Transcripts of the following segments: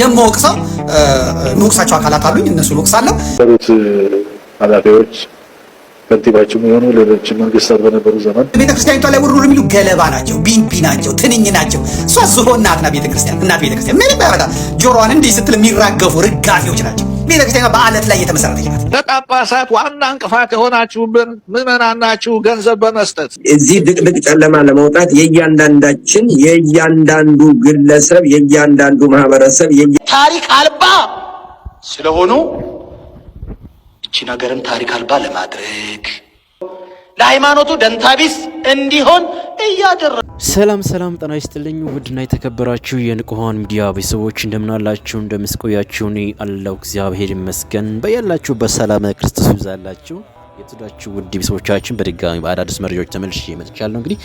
የማወቅሰው ንቁሳቸው አካላት አሉኝ። እነሱ ንቁሳለሁ። ከቤት ኃላፊዎች ከንቲባችም የሆኑ ሌሎች መንግስታት በነበሩ ዘመን ቤተክርስቲያኒቷ ላይ ውርውር የሚሉ ገለባ ናቸው፣ ቢንቢ ናቸው፣ ትንኝ ናቸው። እሷ ዝሆ እናትና ቤተክርስቲያን እናት ቤተክርስቲያን ምንም ያረጋል። ጆሮዋን እንዲህ ስትል የሚራገፉ ርጋፊዎች ናቸው። ቤተክርስቲያን በአለት ላይ የተመሰረተች ናት። ለጳጳሳት ዋና እንቅፋት የሆናችሁብን ምዕመናናችሁ ገንዘብ በመስጠት እዚህ ድቅድቅ ጨለማ ለመውጣት የእያንዳንዳችን የእያንዳንዱ ግለሰብ የእያንዳንዱ ማህበረሰብ ታሪክ አልባ ስለሆኑ እቺ ነገርን ታሪክ አልባ ለማድረግ ለሃይማኖቱ ደንታቢስ እንዲሆን እያደረ ሰላም ሰላም፣ ጤና ይስጥልኝ ውድና የተከበራችሁ የንቁሃን ሚዲያ ቤተሰቦች እንደምናላችሁ፣ እንደምስቆያችሁ እኔ አለሁ እግዚአብሔር ይመስገን። በያላችሁ በሰላም ክርስቶስ ይብዛላችሁ። የተወደዳችሁ ውድ ቤተሰቦቻችን በድጋሚ በአዳዲስ መረጃዎች ተመልሼ መጥቻለሁ። እንግዲህ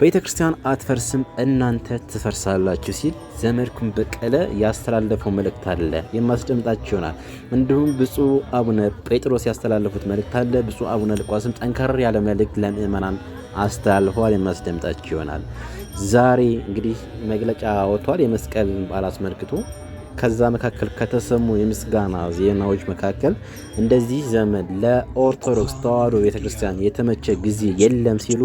ቤተ ክርስቲያን አትፈርስም እናንተ ትፈርሳላችሁ ሲል ዘመድኩን በቀለ ያስተላለፈው መልእክት አለ የማስደምጣችሁ ይሆናል። እንዲሁም ብፁዕ አቡነ ጴጥሮስ ያስተላለፉት መልእክት አለ። ብፁዕ አቡነ ልቋስም ጠንከር ያለ መልእክት ለምእመናን አስተላልፈዋል። የማስደምጣችሁ ይሆናል። ዛሬ እንግዲህ መግለጫ ወጥቷል። የመስቀል በዓል አስመልክቶ ከዛ መካከል ከተሰሙ የምስጋና ዜናዎች መካከል እንደዚህ ዘመን ለኦርቶዶክስ ተዋሕዶ ቤተክርስቲያን የተመቸ ጊዜ የለም ሲሉ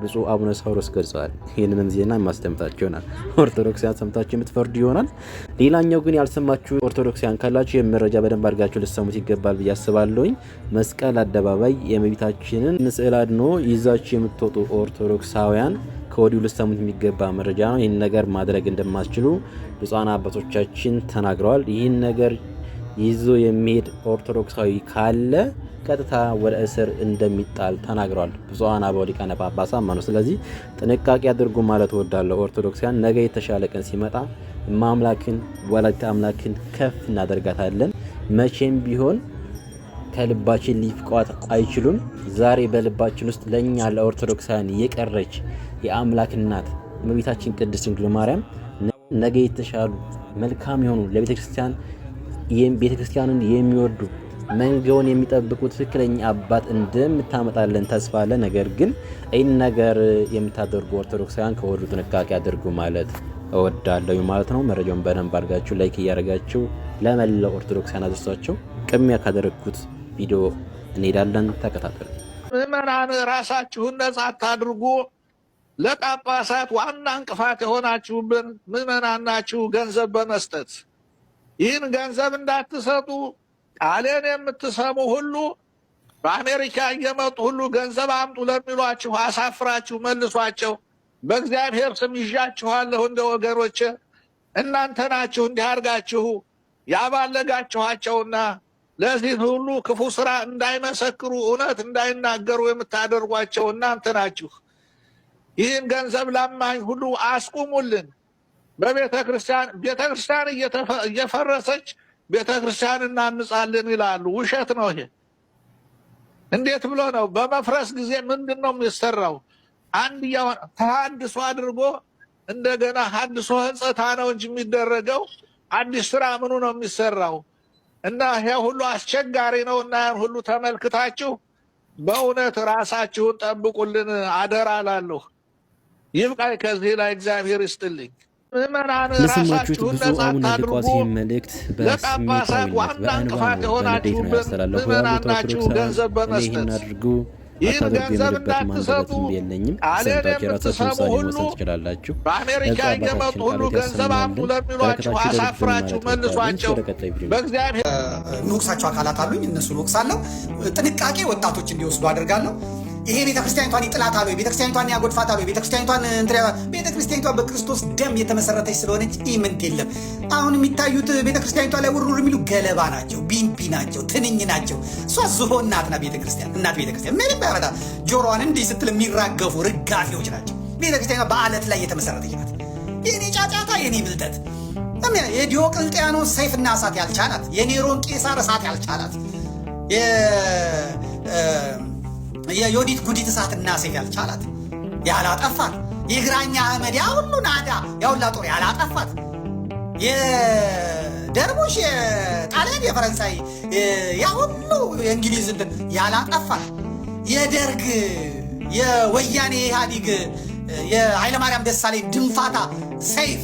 ብፁዕ አቡነ ሳውሮስ ገልጸዋል። ይህንንም ዜና የማስደምጣችሁ ይሆናል። ኦርቶዶክሲያን ሰምታችሁ የምትፈርዱ ይሆናል። ሌላኛው ግን ያልሰማችሁ ኦርቶዶክሲያን ካላችሁ ይህም መረጃ በደንብ አድርጋችሁ ልሰሙት ይገባል ብዬ አስባለሁኝ። መስቀል አደባባይ የእመቤታችንን ስዕል አድኖ ይዛችሁ የምትወጡ ኦርቶዶክሳውያን ከወዲሁ ልሰሙት የሚገባ መረጃ ነው። ይህን ነገር ማድረግ እንደማስችሉ ብፁዓን አባቶቻችን ተናግረዋል። ይህን ነገር ይዞ የሚሄድ ኦርቶዶክሳዊ ካለ ቀጥታ ወደ እስር እንደሚጣል ተናግረዋል ብፁዓን አበው ሊቃነ ጳጳሳት ማለት ነው። ስለዚህ ጥንቃቄ አድርጉ ማለት እወዳለሁ። ኦርቶዶክሳውያን ነገ የተሻለ ቀን ሲመጣ እማምላክን ወላዲተ አምላክን ከፍ እናደርጋታለን መቼም ቢሆን ከልባችን ሊፍቋት አይችሉም። ዛሬ በልባችን ውስጥ ለእኛ ለኦርቶዶክሳውያን የቀረች የአምላክ እናት እመቤታችን ቅድስት ድንግል ማርያም ነገ የተሻሉ መልካም የሆኑ ለቤተክርስቲያን ቤተክርስቲያንን የሚወዱ መንገውን የሚጠብቁ ትክክለኛ አባት እንደምታመጣለን ተስፋ አለ። ነገር ግን ይህን ነገር የምታደርጉ ኦርቶዶክሳውያን ከወዱ ጥንቃቄ አድርጉ ማለት እወዳለሁ ማለት ነው። መረጃውን በደንብ አድርጋችሁ ላይክ እያደረጋችሁ ለመላው ኦርቶዶክሳውያን አድርሷቸው። ቅሚያ ካደረግኩት ቪዲዮ እንሄዳለን። ተከታተሉ። ምዕመናን ራሳችሁን ነጻ አታድርጉ። ለጳጳሳት ዋና እንቅፋት የሆናችሁብን ምዕመናን ናችሁ። ገንዘብ በመስጠት ይህን ገንዘብ እንዳትሰጡ ቃሌን የምትሰሙ ሁሉ በአሜሪካ እየመጡ ሁሉ ገንዘብ አምጡ ለሚሏችሁ አሳፍራችሁ መልሷቸው። በእግዚአብሔር ስም ይዣችኋለሁ። እንደ ወገኖች እናንተ ናችሁ እንዲህ አድርጋችሁ ያባለጋችኋቸውና ለዚህ ሁሉ ክፉ ስራ እንዳይመሰክሩ እውነት እንዳይናገሩ የምታደርጓቸው እናንተ ናችሁ። ይህን ገንዘብ ለማኝ ሁሉ አስቁሙልን። በቤተ ክርስቲያን ቤተ ክርስቲያን እየፈረሰች ቤተ ክርስቲያን እናንጻልን ይላሉ። ውሸት ነው ይሄ። እንዴት ብሎ ነው? በመፍረስ ጊዜ ምንድን ነው የሚሰራው? አንድ ተሀድሶ አድርጎ እንደገና ሀድሶ ህንፀታ ነው እንጂ የሚደረገው አዲስ ስራ ምኑ ነው የሚሰራው? እና ይሄ ሁሉ አስቸጋሪ ነው እና ያን ሁሉ ተመልክታችሁ በእውነት ራሳችሁን ጠብቁልን አደራ ላለሁ። ይብቃኝ ከዚህ ላይ እግዚአብሔር ይስጥልኝ። ምዕመናን ራሳችሁን መልእክት ለጳጳሳት ዋና እንቅፋት የሆናችሁበት ምዕመናን ናችሁ። ገንዘብ በመስጠት አታደርጉ የምልበት ማንደበትም የለኝም። ሰምታችሁ ውሳኔ መውሰድ ትችላላችሁ። በአሜሪካ የመጡ ሁሉ ገንዘብ አምጡ ለሚሏችሁ አሳፍራችሁ መልሷቸው። በእግዚአብሔር ንቅሳቸው አካላት አሉኝ፣ እነሱን እወቅሳለሁ። ጥንቃቄ ወጣቶች እንዲወስዱ አደርጋለሁ። ይሄ ቤተክርስቲያኒቷን ይጥላታል ወይ? ቤተክርስቲያኒቷን ያጎድፋታል ወይ? ቤተክርስቲያኒቷን ቤተክርስቲያኒቷ በክርስቶስ ደም የተመሰረተች ስለሆነች ኢምንት የለም። አሁን የሚታዩት ቤተክርስቲያኒቷ ላይ ውርውር የሚሉ ገለባ ናቸው፣ ቢምቢ ናቸው፣ ትንኝ ናቸው። እሷ ዝሆ እናትና ቤተክርስቲያን እናት ቤተክርስቲያን ምንም ያመጣ ጆሮዋን እንዲህ ስትል የሚራገፉ ርጋፊዎች ናቸው። ቤተክርስቲያኒቷ በአለት ላይ የተመሰረተች ናት። የኔ ጫጫታ፣ የእኔ ብልጠት፣ የዲዮቅልጥያኖን ሰይፍና እሳት ያልቻላት፣ የኔሮን ቄሳር እሳት ያልቻላት የዮዲት ጉዲት እሳት እናሴ ያልቻላት ያላጠፋት የግራኛ አህመድ ያ ሁሉ ናዳ ያ ጦር ያላጠፋት የደርቦሽ የጣሊያን የፈረንሳይ ያ ሁሉ የእንግሊዝ ያላጠፋት የደርግ የወያኔ የኢህአዲግ የኃይለማርያም ደሳሌ ድንፋታ ሰይፍ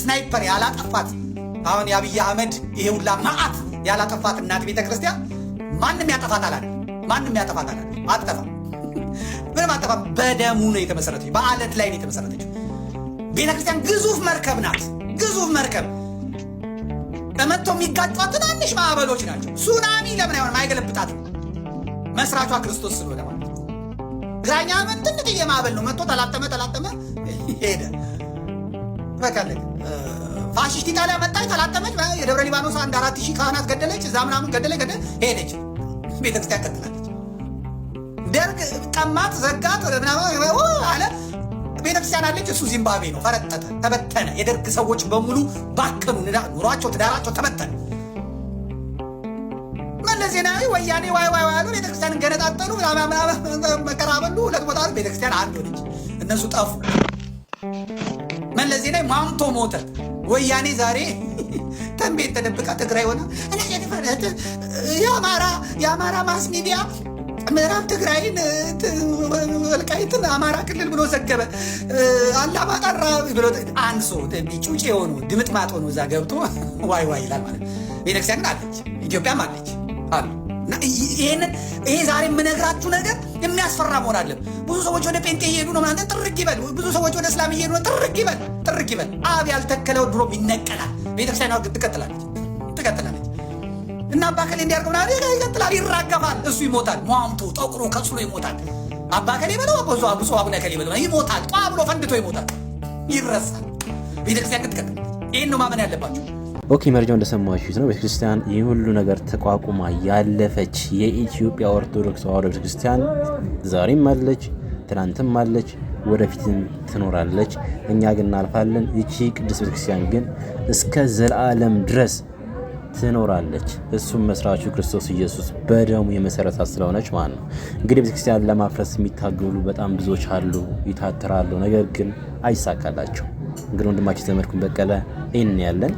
ስናይፐር ያላጠፋት አሁን የአብይ አህመድ ይሄ ሁላ መዓት ያላጠፋት እናት ቤተ ክርስቲያን ማንም ያጠፋት አላል ማንም ያጠፋት አለ አትጠፋ፣ ምንም አጠፋ። በደሙ ነው የተመሰረተ በአለት ላይ ነው የተመሰረተች ቤተክርስቲያን ግዙፍ መርከብ ናት፣ ግዙፍ መርከብ። በመጥተው የሚጋጫ ትናንሽ ማዕበሎች ናቸው። ሱናሚ ለምን አይሆንም? አይገለብጣት መስራቿ ክርስቶስ ስሎ ለማለት ዛኛ ዓመት ትንት ማዕበል ነው መጥቶ ተላጠመ፣ ተላጠመ፣ ሄደ። በቃለቅ ፋሽስት ኢጣሊያ መጣች፣ ተላጠመች። የደብረ ሊባኖስ አንድ አራት ሺህ ካህናት ገደለች፣ እዛ ምናምን ገደለች፣ ገደለች፣ ሄደች። ቤተክርስቲያን ቀጥላለች። ደርግ ቀማት፣ ዘጋት አለ። ቤተክርስቲያን አለች። እሱ ዚምባብዌ ነው። ፈረጠጠ፣ ተበተነ። የደርግ ሰዎች በሙሉ ባከኑ። ኑሯቸው፣ ትዳራቸው ተበተነ። መለስ ዜናዊ ወያኔ ዋይ ዋይ ዋይ አሉ። ቤተክርስቲያን ገነጣጠሉ፣ መከራ በሉ። ሁለት ቦታ ቤተክርስቲያን አንድ ሆነች። እነሱ ጠፉ። መለስ ዜናዊ ማምቶ ሞተ። ወያኔ ዛሬ ከእምቤት ተደብቃ ትግራይ ሆና የአማራ የአማራ ማስ ሚዲያ ምዕራብ ትግራይን ወልቃይትን አማራ ክልል ብሎ ዘገበ። አላማጣራ ብሎ አንሶ ሰው ጩጭ የሆኑ ድምጥማጥ ሆኖ እዛ ገብቶ ዋይ ዋይ ይላል ማለት ቤተክርስቲያን አለች፣ ኢትዮጵያም አለች አሉ ይሄ ዛሬ የምነግራችሁ ነገር የሚያስፈራ መሆን አለም። ብዙ ሰዎች ወደ ጴንጤ እየሄዱ ነው ምናምን ጥርግ ይበል። ብዙ ሰዎች ወደ እስላም እየሄዱ ነው ጥርግ ይበል፣ ጥርግ ይበል። አብ ያልተከለው ድሮም ይነቀላል። ቤተክርስቲያን ትቀጥላለች፣ ትቀጥላለች እና አባከሌ እንዲያርገው ምናምን ይቀጥላል፣ ይራገፋል። እሱ ይሞታል፣ ሟምቶ ጠቁሮ ከስሎ ይሞታል። አባከሌ በለው ብዙ አብሶ አቡነ ከሌ በለ ይሞታል፣ ጧ ብሎ ፈንድቶ ይሞታል፣ ይረሳል። ቤተክርስቲያን ትቀጥላለች። ይህን ነው ማመን ያለባቸው። ኦኬ መረጃው እንደሰማችሁት ነው። ቤተክርስቲያን ይህ ሁሉ ነገር ተቋቁማ ያለፈች የኢትዮጵያ ኦርቶዶክስ ተዋህዶ ቤተክርስቲያን ዛሬም አለች፣ ትናንትም አለች፣ ወደፊትም ትኖራለች። እኛ ግን እናልፋለን። ይቺ ቅድስት ቤተክርስቲያን ግን እስከ ዘላለም ድረስ ትኖራለች። እሱም መስራቹ ክርስቶስ ኢየሱስ በደሙ የመሰረታት ስለሆነች ማለት ነው። እንግዲህ ቤተክርስቲያን ለማፍረስ የሚታገሉ በጣም ብዙዎች አሉ፣ ይታተራሉ፣ ነገር ግን አይሳካላቸው። እንግዲህ ወንድማችን ዘመድኩን በቀለ ይህን ያለን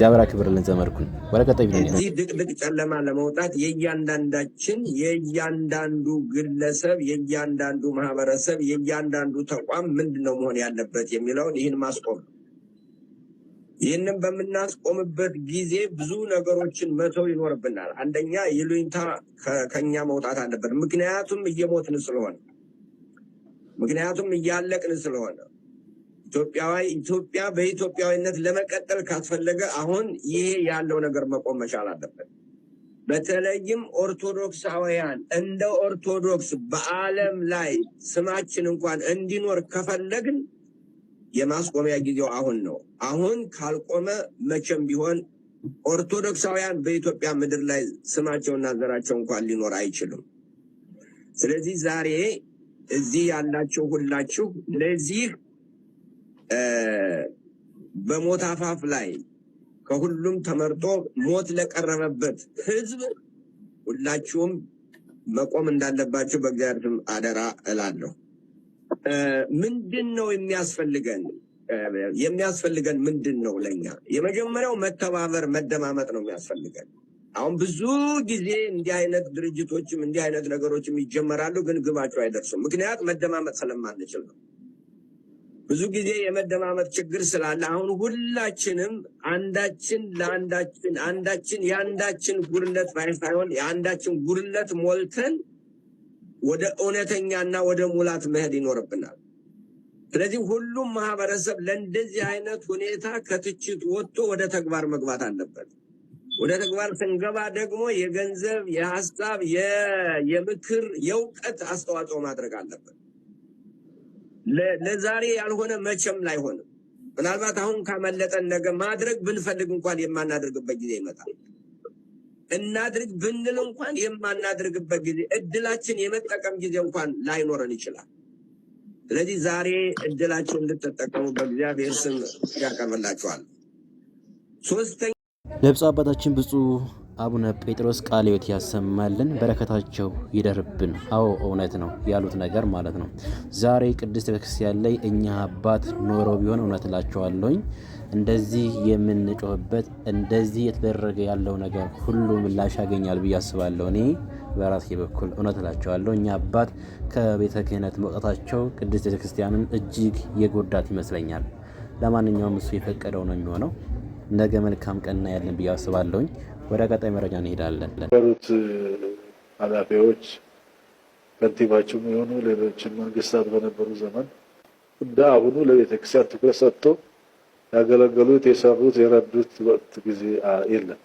እግዚአብሔር አክብርልን ዘመድኩን ወረቀጠ ከዚህ ድቅድቅ ጨለማ ለመውጣት የእያንዳንዳችን የእያንዳንዱ ግለሰብ የእያንዳንዱ ማህበረሰብ የእያንዳንዱ ተቋም ምንድን ነው መሆን ያለበት የሚለውን ይህን ማስቆም ይህንም በምናስቆምበት ጊዜ ብዙ ነገሮችን መተው ይኖርብናል። አንደኛ ይሉኝታ ከኛ መውጣት አለበት። ምክንያቱም እየሞትን ስለሆነ፣ ምክንያቱም እያለቅን ስለሆነ ኢትዮጵያዊ ኢትዮጵያ በኢትዮጵያዊነት ለመቀጠል ካስፈለገ አሁን ይሄ ያለው ነገር መቆም መቻል አለበት። በተለይም ኦርቶዶክሳውያን እንደ ኦርቶዶክስ በዓለም ላይ ስማችን እንኳን እንዲኖር ከፈለግን የማስቆሚያ ጊዜው አሁን ነው። አሁን ካልቆመ መቼም ቢሆን ኦርቶዶክሳውያን በኢትዮጵያ ምድር ላይ ስማቸውና ዘራቸው እንኳን ሊኖር አይችልም። ስለዚህ ዛሬ እዚህ ያላችሁ ሁላችሁ ለዚህ በሞት አፋፍ ላይ ከሁሉም ተመርጦ ሞት ለቀረበበት ህዝብ ሁላችሁም መቆም እንዳለባችሁ በእግዚአብሔር አደራ እላለሁ። ምንድን ነው የሚያስፈልገን? የሚያስፈልገን ምንድን ነው? ለኛ የመጀመሪያው መተባበር፣ መደማመጥ ነው የሚያስፈልገን። አሁን ብዙ ጊዜ እንዲህ አይነት ድርጅቶችም እንዲህ አይነት ነገሮችም ይጀመራሉ፣ ግን ግባቸው አይደርሱም። ምክንያት መደማመጥ ስለማንችል ነው። ብዙ ጊዜ የመደማመጥ ችግር ስላለ አሁን ሁላችንም አንዳችን ለአንዳችን አንዳችን የአንዳችን ጉድለት ሳይሆን የአንዳችን ጉድለት ሞልተን ወደ እውነተኛና ወደ ሙላት መሄድ ይኖርብናል። ስለዚህ ሁሉም ማህበረሰብ ለእንደዚህ አይነት ሁኔታ ከትችት ወጥቶ ወደ ተግባር መግባት አለበት። ወደ ተግባር ስንገባ ደግሞ የገንዘብ፣ የሀሳብ፣ የምክር፣ የእውቀት አስተዋጽኦ ማድረግ አለበት። ለዛሬ ያልሆነ መቼም ላይሆንም። ምናልባት አሁን ካመለጠን ነገ ማድረግ ብንፈልግ እንኳን የማናደርግበት ጊዜ ይመጣል። እናድርግ ብንል እንኳን የማናደርግበት ጊዜ እድላችን የመጠቀም ጊዜ እንኳን ላይኖረን ይችላል። ስለዚህ ዛሬ እድላችሁን እንድትጠቀሙ በእግዚአብሔር ስም ያቀርብላችኋል። ሶስተኛ ለብፁዕ አባታችን ብፁዕ አቡነ ጴጥሮስ ቃለ ሕይወት ያሰማልን፣ በረከታቸው ይደርብን። አዎ እውነት ነው ያሉት ነገር ማለት ነው። ዛሬ ቅድስት ቤተክርስቲያን ላይ እኛ አባት ኖሮ ቢሆን እውነት እላቸዋለሁኝ እንደዚህ የምንጮህበት እንደዚህ የተደረገ ያለው ነገር ሁሉ ምላሽ ያገኛል ብዬ አስባለሁ። እኔ በራሴ በኩል እውነት እላቸዋለሁ እኛ አባት ከቤተ ክህነት መውጣታቸው ቅድስት ቤተክርስቲያንን እጅግ የጎዳት ይመስለኛል። ለማንኛውም እሱ የፈቀደው ነው የሚሆነው። ነገ መልካም ቀን እናያለን ብዬ አስባለሁኝ። ወደ ቀጣይ መረጃ እንሄዳለን። ሩት ኃላፊዎች ከንቲባቸው የሆኑ ሌሎችን መንግስታት በነበሩ ዘመን እንደ አሁኑ ለቤተክርስቲያን ትኩረት ሰጥቶ ያገለገሉት፣ የሰሩት፣ የረዱት ወቅት ጊዜ የለም።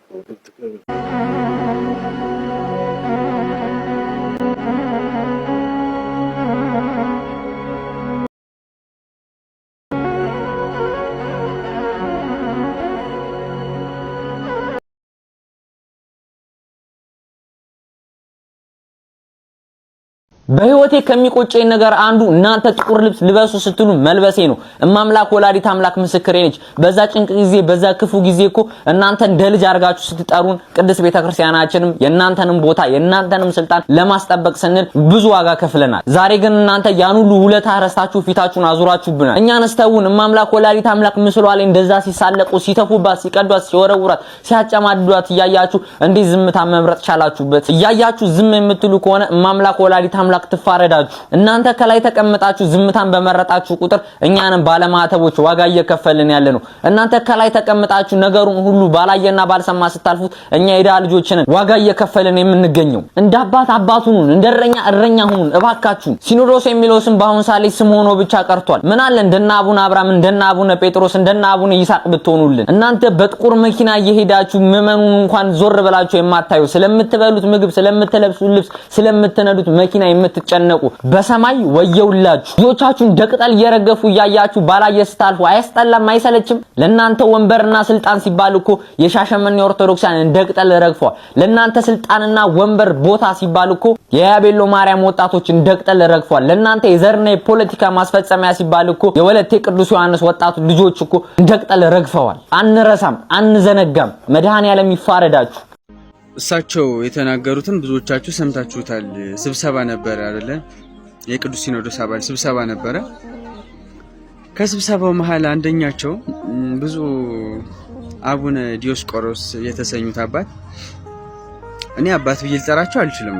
በህይወቴ ከሚቆጨኝ ነገር አንዱ እናንተ ጥቁር ልብስ ልበሱ ስትሉ መልበሴ ነው። እማምላክ ወላዲት አምላክ ምስክሬ ነች። በዛ ጭንቅ ጊዜ፣ በዛ ክፉ ጊዜ እኮ እናንተ እንደ ልጅ አድርጋችሁ ስትጠሩን ቅድስት ቤተክርስቲያናችንም የእናንተንም ቦታ የእናንተንም ስልጣን ለማስጠበቅ ስንል ብዙ ዋጋ ከፍለናል። ዛሬ ግን እናንተ ያን ሁሉ ውለታ ረስታችሁ ፊታችሁን አዙራችሁብናል። እኛን ስተውን እማምላክ ወላዲት አምላክ ምስሏ ላይ እንደዛ ሲሳለቁ፣ ሲተፉባት፣ ሲቀዷት፣ ሲወረውራት፣ ሲያጨማድዷት እያያችሁ እንዴት ዝምታ መምረጥ ቻላችሁበት? እያያችሁ ዝም የምትሉ ከሆነ እማምላክ ወላዲት አምላክ አምላክ ትፋረዳችሁ። እናንተ ከላይ ተቀምጣችሁ ዝምታን በመረጣችሁ ቁጥር እኛንም ባለማተቦች ዋጋ እየከፈልን ያለ ነው። እናንተ ከላይ ተቀምጣችሁ ነገሩን ሁሉ ባላየና ባልሰማ ስታልፉት እኛ የዳ ልጆችንን ዋጋ እየከፈልን የምንገኘው። እንደ አባት አባት ሁኑን፣ እንደ እረኛ እረኛ ሁኑን። እባካችሁን ሲኖዶስ የሚለው ስም በአሁን ሳሌ ስም ሆኖ ብቻ ቀርቷል። ምን አለ እንደና አቡነ አብርሃም እንደና አቡነ ጴጥሮስ እንደና አቡነ ይስሐቅ ብትሆኑልን። እናንተ በጥቁር መኪና እየሄዳችሁ ምዕመኑን እንኳን ዞር ብላችሁ የማታዩ ስለምትበሉት ምግብ ስለምትለብሱት ልብስ ስለምትነዱት መኪና የምትጨነቁ በሰማይ ወየውላችሁ። ልጆቻችሁን ደቅጠል እየረገፉ እያያችሁ ባላየ ስታልፉ አያስጠላም? አይሰለችም? ለእናንተ ወንበርና ስልጣን ሲባል እኮ የሻሸመኔ ኦርቶዶክሳን እንደቅጠል ረግፈዋል። ለእናንተ ስልጣንና ወንበር ቦታ ሲባል እኮ የያቤሎ ማርያም ወጣቶች እንደቅጠል ረግፈዋል። ለእናንተ የዘርና የፖለቲካ ማስፈጸሚያ ሲባል እኮ የወለቴ ቅዱስ ዮሐንስ ወጣቱ ልጆች እኮ እንደቅጠል ረግፈዋል። አንረሳም፣ አንዘነጋም። መድኃኔዓለም ይፋረዳችሁ። እሳቸው የተናገሩትን ብዙዎቻችሁ ሰምታችሁታል። ስብሰባ ነበረ አይደለ? የቅዱስ ሲኖዶስ አባል ስብሰባ ነበረ። ከስብሰባው መሀል አንደኛቸው ብዙ አቡነ ዲዮስቆሮስ የተሰኙት አባት እኔ አባት ብዬ ልጠራቸው አልችልም።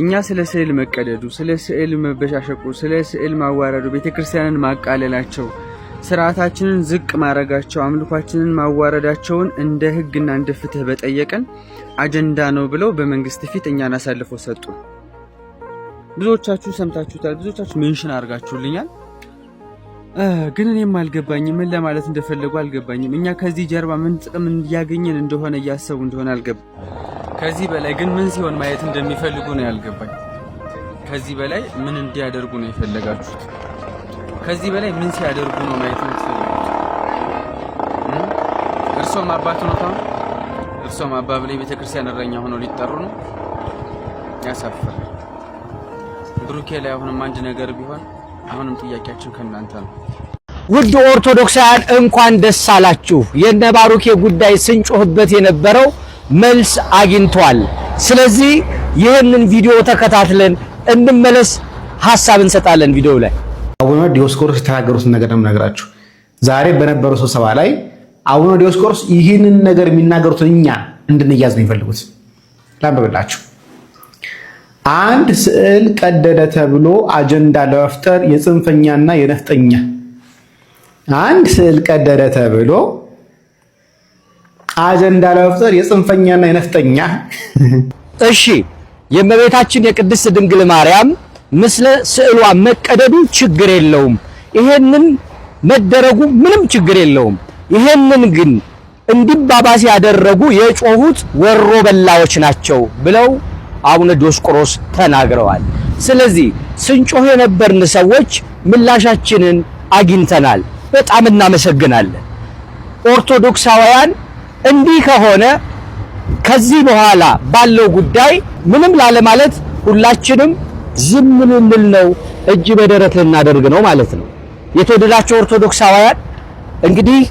እኛ ስለ ስዕል መቀደዱ፣ ስለ ስዕል መበሻሸቁ፣ ስለ ስዕል ማዋረዱ፣ ቤተክርስቲያንን ማቃለላቸው ስርዓታችንን ዝቅ ማድረጋቸው አምልኳችንን ማዋረዳቸውን እንደ ህግና እንደ ፍትህ በጠየቀን አጀንዳ ነው ብለው በመንግስት ፊት እኛን አሳልፈው ሰጡ። ብዙዎቻችሁ ሰምታችሁታል፣ ብዙዎቻችሁ ሜንሽን አድርጋችሁልኛል። ግን እኔም አልገባኝም፣ ምን ለማለት እንደፈለጉ አልገባኝም። እኛ ከዚህ ጀርባ ምን ጥቅም እያገኘን እንደሆነ እያሰቡ እንደሆነ አልገባ ከዚህ በላይ ግን ምን ሲሆን ማየት እንደሚፈልጉ ነው ያልገባኝ። ከዚህ በላይ ምን እንዲያደርጉ ነው የፈለጋችሁት? ከዚህ በላይ ምን ሲያደርጉ ነው ማየት የምትፈልጉት? እርሶም አባት ነው ታሁን እርሶም አባ ላይ ቤተ ክርስቲያን እረኛ ሊጠሩ ነው። ያሳፍራል። ብሩኬ ላይ አሁንም አንድ ነገር ቢሆን አሁንም ጥያቄያችን ከእናንተ ነው። ውድ ኦርቶዶክሳውያን እንኳን ደስ አላችሁ። የነ ባሩኬ ጉዳይ ስንጮህበት የነበረው መልስ አግኝቷል። ስለዚህ ይህንን ቪዲዮ ተከታትለን እንመለስ፣ ሀሳብ እንሰጣለን ቪዲዮው ላይ አቡነ ዲዮስቆሮስ የተናገሩት ነገር ነው የምነግራችሁ። ዛሬ በነበረው ስብሰባ ላይ አቡነ ዲዮስቆሮስ ይህንን ነገር የሚናገሩትን እኛ እንድንያዝ ነው የሚፈልጉት። ላንብብላችሁ። አንድ ስዕል ቀደደ ተብሎ አጀንዳ ለመፍጠር የጽንፈኛና የነፍጠኛ አንድ ስዕል ቀደደ ተብሎ አጀንዳ ለመፍጠር የጽንፈኛና የነፍጠኛ እሺ የእመቤታችን የቅድስት ድንግል ማርያም ምስለ ስዕሏ መቀደዱ ችግር የለውም። ይሄንን መደረጉ ምንም ችግር የለውም። ይሄንን ግን እንዲባባስ ያደረጉ የጮሁት ወሮ በላዎች ናቸው ብለው አቡነ ዲዮስቆሮስ ተናግረዋል። ስለዚህ ስንጮህ የነበርን ሰዎች ምላሻችንን አግኝተናል። በጣም እናመሰግናለን። ኦርቶዶክሳውያን እንዲህ ከሆነ ከዚህ በኋላ ባለው ጉዳይ ምንም ላለማለት ሁላችንም ዝም ልንል ነው፣ እጅ በደረት ልናደርግ ነው ማለት ነው። የተወደዳቸው ኦርቶዶክሳውያን እንግዲህ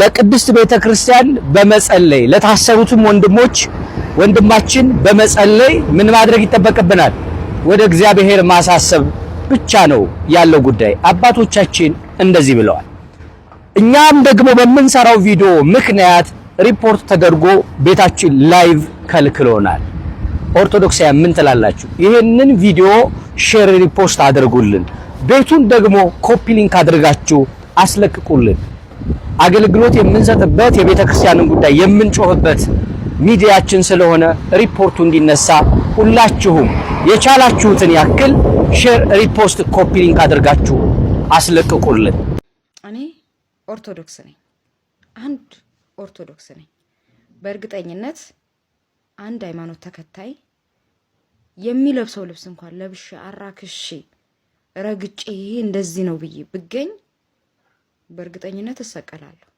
ለቅድስት ቤተ ክርስቲያን በመጸለይ ለታሰሩትም ወንድሞች ወንድማችን በመጸለይ ምን ማድረግ ይጠበቅብናል? ወደ እግዚአብሔር ማሳሰብ ብቻ ነው ያለው ጉዳይ። አባቶቻችን እንደዚህ ብለዋል። እኛም ደግሞ በምንሰራው ቪዲዮ ምክንያት ሪፖርት ተደርጎ ቤታችን ላይቭ ከልክሎናል። ኦርቶዶክሳውያን ምን ትላላችሁ? ይህንን ቪዲዮ ሼር ሪፖስት አድርጉልን። ቤቱን ደግሞ ኮፒ ሊንክ አድርጋችሁ አስለቅቁልን። አገልግሎት የምንሰጥበት የቤተ ክርስቲያንን ጉዳይ የምንጮህበት ሚዲያችን ስለሆነ ሪፖርቱ እንዲነሳ ሁላችሁም የቻላችሁትን ያክል ሼር ሪፖስት፣ ኮፒ ሊንክ አድርጋችሁ አስለቅቁልን። እኔ ኦርቶዶክስ ነኝ፣ አንድ ኦርቶዶክስ ነኝ። በእርግጠኝነት አንድ ሃይማኖት ተከታይ የሚለብሰው ልብስ እንኳን ለብሼ አራክሼ ረግጬ ይሄ እንደዚህ ነው ብዬ ብገኝ በእርግጠኝነት እሰቀላለሁ።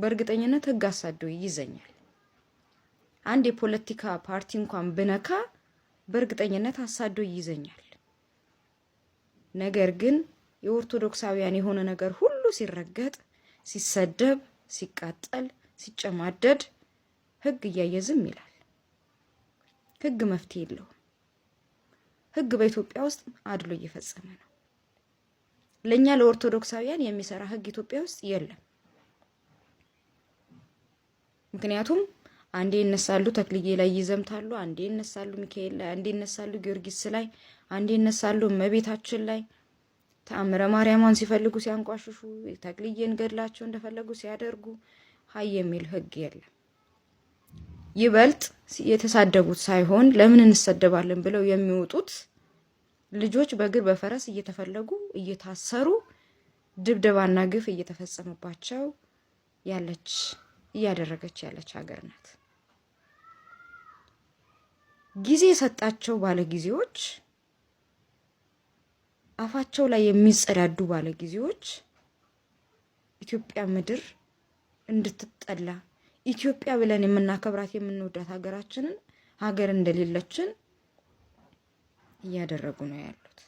በእርግጠኝነት ህግ አሳዶ ይይዘኛል። አንድ የፖለቲካ ፓርቲ እንኳን ብነካ በእርግጠኝነት አሳዶ ይይዘኛል። ነገር ግን የኦርቶዶክሳውያን የሆነ ነገር ሁሉ ሲረገጥ፣ ሲሰደብ፣ ሲቃጠል፣ ሲጨማደድ ህግ እያየ ዝም ይላል። ህግ መፍትሄ የለውም። ህግ በኢትዮጵያ ውስጥ አድሎ እየፈጸመ ነው። ለእኛ ለኦርቶዶክሳውያን የሚሰራ ህግ ኢትዮጵያ ውስጥ የለም። ምክንያቱም አንዴ ይነሳሉ ተክልዬ ላይ ይዘምታሉ፣ አንዴ ይነሳሉ ሚካኤል ላይ፣ አንዴ ይነሳሉ ጊዮርጊስ ላይ፣ አንዴ ይነሳሉ እመቤታችን ላይ ተአምረ ማርያማን ሲፈልጉ ሲያንቋሽሹ፣ ተክልዬን ገድላቸው እንደፈለጉ ሲያደርጉ ሀይ የሚል ህግ የለም። ይበልጥ የተሳደቡት ሳይሆን ለምን እንሰደባለን ብለው የሚወጡት ልጆች በእግር በፈረስ እየተፈለጉ እየታሰሩ ድብደባና ግፍ እየተፈጸመባቸው ያለች እያደረገች ያለች ሀገር ናት። ጊዜ የሰጣቸው ባለጊዜዎች፣ አፋቸው ላይ የሚጸዳዱ ባለጊዜዎች ኢትዮጵያ ምድር እንድትጠላ ኢትዮጵያ ብለን የምናከብራት የምንወዳት ሀገራችንን ሀገር እንደሌለችን እያደረጉ ነው ያሉት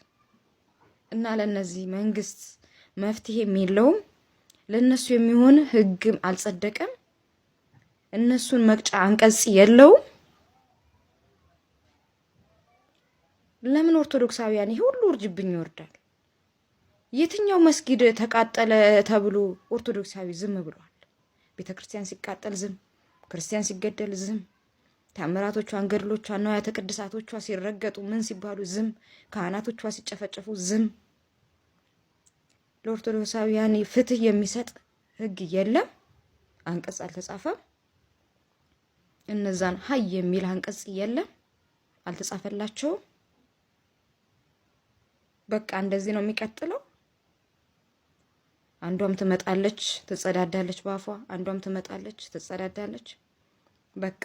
እና ለእነዚህ መንግስት መፍትሄ የለውም። ለእነሱ የሚሆን ህግም አልጸደቀም። እነሱን መቅጫ አንቀጽ የለውም። ለምን ኦርቶዶክሳውያን ይሄ ሁሉ እርጅብኝ ይወርዳል? የትኛው መስጊድ ተቃጠለ ተብሎ ኦርቶዶክሳዊ ዝም ብሏል? ቤተ ክርስቲያን ሲቃጠል ዝም፣ ክርስቲያን ሲገደል ዝም፣ ታምራቶቿን፣ ገድሎቿን፣ ንዋያተ ቅድሳቶቿ ሲረገጡ ምን ሲባሉ ዝም፣ ካህናቶቿ ሲጨፈጨፉ ዝም። ለኦርቶዶክሳውያን ፍትህ የሚሰጥ ህግ የለም፣ አንቀጽ አልተጻፈም። እነዛን ሀይ የሚል አንቀጽ የለም፣ አልተጻፈላቸውም። በቃ እንደዚህ ነው የሚቀጥለው። አንዷም ትመጣለች ትጸዳዳለች፣ ባፏ አንዷም ትመጣለች ትጸዳዳለች። በቃ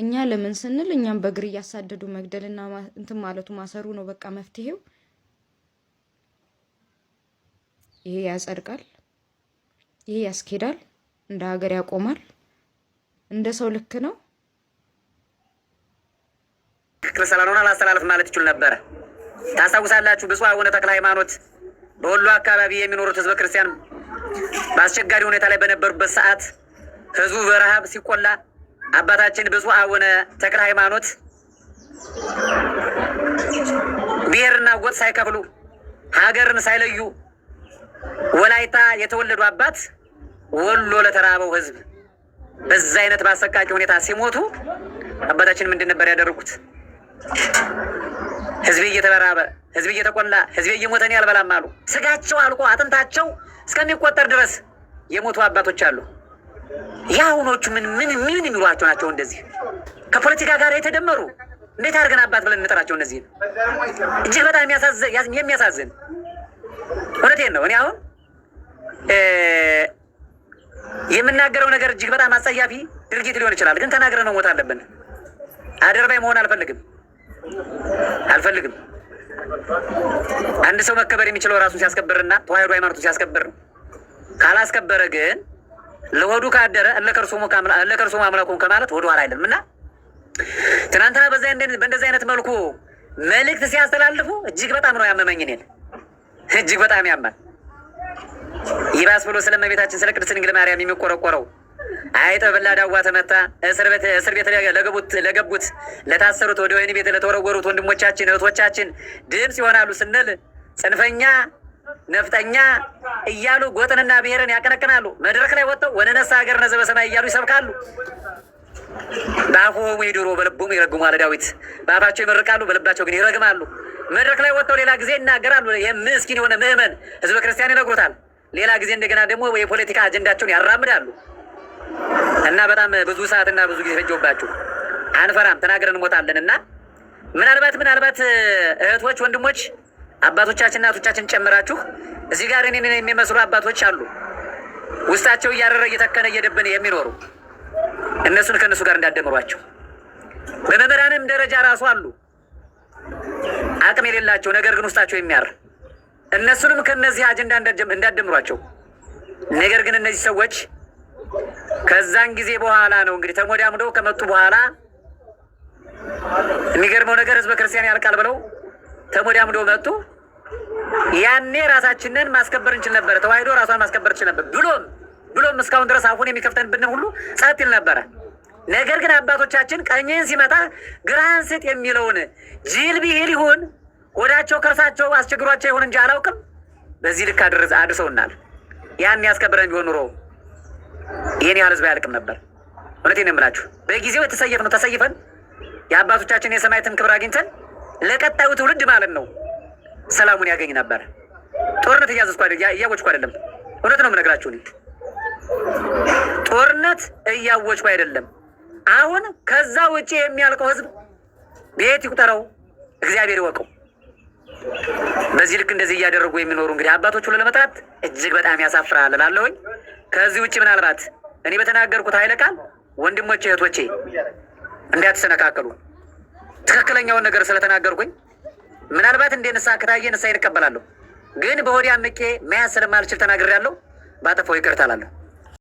እኛ ለምን ስንል እኛም በእግር እያሳደዱ መግደልና እንትን ማለቱ ማሰሩ ነው በቃ መፍትሄው። ይሄ ያጸድቃል፣ ይሄ ያስኬዳል፣ እንደ ሀገር ያቆማል። እንደ ሰው ልክ ነው። ትክክል ስላልሆነ አላስተላለፍ ማለት ይችል ነበረ። ታስታውሳላችሁ ብፁዕ አቡነ ተክለ ሃይማኖት በወሎ አካባቢ የሚኖሩት ህዝበ ክርስቲያን በአስቸጋሪ ሁኔታ ላይ በነበሩበት ሰዓት ህዝቡ በረሃብ ሲቆላ አባታችን ብፁዕ አቡነ ተክለ ሃይማኖት ብሔርና ጎጥ ሳይከፍሉ ሀገርን ሳይለዩ ወላይታ የተወለዱ አባት ወሎ ለተራበው ህዝብ በዛ አይነት በአሰቃቂ ሁኔታ ሲሞቱ አባታችን ምንድን ነበር ያደረጉት? ህዝቤ እየተበራበ ህዝቤ እየተቆላ ህዝቤ እየሞተ ያልበላም አሉ። ስጋቸው አልቆ አጥንታቸው እስከሚቆጠር ድረስ የሞቱ አባቶች አሉ። የአሁኖቹ ምን ምን ምን የሚሏቸው ናቸው? እንደዚህ ከፖለቲካ ጋር የተደመሩ እንዴት አድርገን አባት ብለን እንጠራቸው? እነዚህ እጅግ በጣም የሚያሳዝን እውነቴን ነው። እኔ አሁን የምናገረው ነገር እጅግ በጣም አጸያፊ ድርጊት ሊሆን ይችላል፣ ግን ተናግረን ነው ሞት አለብን። አደርባይ መሆን አልፈልግም። አልፈልግም። አንድ ሰው መከበር የሚችለው ራሱን ሲያስከብርና ተዋህዶ ሃይማኖቱን ሲያስከብር ነው። ካላስከበረ ግን ለሆዱ ካደረ እለከርሶሙ አምላኩን ከማለት ወደ ኋላ አይልም እና ትናንትና በእንደዚህ አይነት መልኩ መልእክት ሲያስተላልፉ እጅግ በጣም ነው ያመመኝ። እኔን እጅግ በጣም ያማል። ይባስ ብሎ ስለመቤታችን ስለ ቅድስት ድንግል ማርያም የሚቆረቆረው አይጦ በላ ዳዋ ተመታ። እስር ቤት ለገቡት ለታሰሩት፣ ወደ ወህኒ ቤት ለተወረወሩት ወንድሞቻችን እህቶቻችን ድምፅ ይሆናሉ ስንል ጽንፈኛ ነፍጠኛ እያሉ ጎጥንና ብሔርን ያቀነቅናሉ። መድረክ ላይ ወጥተው ወነነሳ ነዘ በሰማይ እያሉ ይሰብካሉ። በአፉሆሙ ይድሩ በልቡም ይረግሙ አለ ዳዊት። በአፋቸው ይመርቃሉ፣ በልባቸው ግን ይረግማሉ። መድረክ ላይ ወጥተው ሌላ ጊዜ ይናገራሉ። ምስኪን የሆነ ምዕመን ህዝበ ክርስቲያን ይነግሩታል። ሌላ ጊዜ እንደገና ደግሞ የፖለቲካ አጀንዳቸውን ያራምዳሉ። እና በጣም ብዙ ሰዓትና ብዙ ጊዜ ፈጀውባችሁ። አንፈራም ተናግረን እንሞታለን እና ምናልባት ምናልባት እህቶች፣ ወንድሞች፣ አባቶቻችን እናቶቻችን ጨምራችሁ እዚህ ጋር እኔን የሚመስሉ አባቶች አሉ። ውስጣቸው እያረረ እየተከነ እየደበነ የሚኖሩ እነሱን ከእነሱ ጋር እንዳደምሯቸው። በመምህራንም ደረጃ ራሱ አሉ አቅም የሌላቸው ነገር ግን ውስጣቸው የሚያር እነሱንም ከእነዚህ አጀንዳ እንዳደምሯቸው። ነገር ግን እነዚህ ሰዎች ከዛን ጊዜ በኋላ ነው እንግዲህ ተሞዳሙደው ከመጡ በኋላ የሚገርመው ነገር ህዝበ ክርስቲያን ያልቃል ብለው ተሞዳሙደው መጡ። ያኔ ራሳችንን ማስከበር እንችል ነበረ። ተዋህዶ ራሷን ማስከበር እንችል ነበር። ብሎም ብሎም እስካሁን ድረስ አፉን ብን ሁሉ ጸጥ ይል ነበረ። ነገር ግን አባቶቻችን ቀኝን ሲመታ ግራን ስጥ የሚለውን ጅል ብሂል ይሁን ወዳቸው ከእርሳቸው አስቸግሯቸው ይሁን እንጂ አላውቅም። በዚህ ልክ አድርሰውናል። ያን ያስከብረን ቢሆን ኑሮ ይህን ያህል ህዝብ አያልቅም ነበር። እውነቴን ነው የምላችሁ። በጊዜው ነው ተሰይፈን የአባቶቻችን የሰማይትን ክብር አግኝተን ለቀጣዩ ትውልድ ማለት ነው ሰላሙን ያገኝ ነበር። ጦርነት እያዘዝኩ እያወጭኩ አይደለም። እውነት ነው የምነግራችሁ። ጦርነት እያወጭኩ አይደለም። አሁን ከዛ ውጭ የሚያልቀው ህዝብ ቤት ይቁጠረው፣ እግዚአብሔር ይወቀው። በዚህ ልክ እንደዚህ እያደረጉ የሚኖሩ እንግዲህ አባቶች ሁሉ ለመጥራት እጅግ በጣም ያሳፍራል እላለሁኝ። ከዚህ ውጭ ምናልባት እኔ በተናገርኩት ኃይለ ቃል ወንድሞቼ እህቶቼ እንዳትሰነካከሉ ትክክለኛውን ነገር ስለተናገርኩኝ ምናልባት እንደ ንሳ ከታየ ንሳ ይንቀበላለሁ፣ ግን በወዲያ ምቄ መያዝ ስለማልችል ተናግሬያለሁ። ባጠፋው ይቅርታ እላለሁ።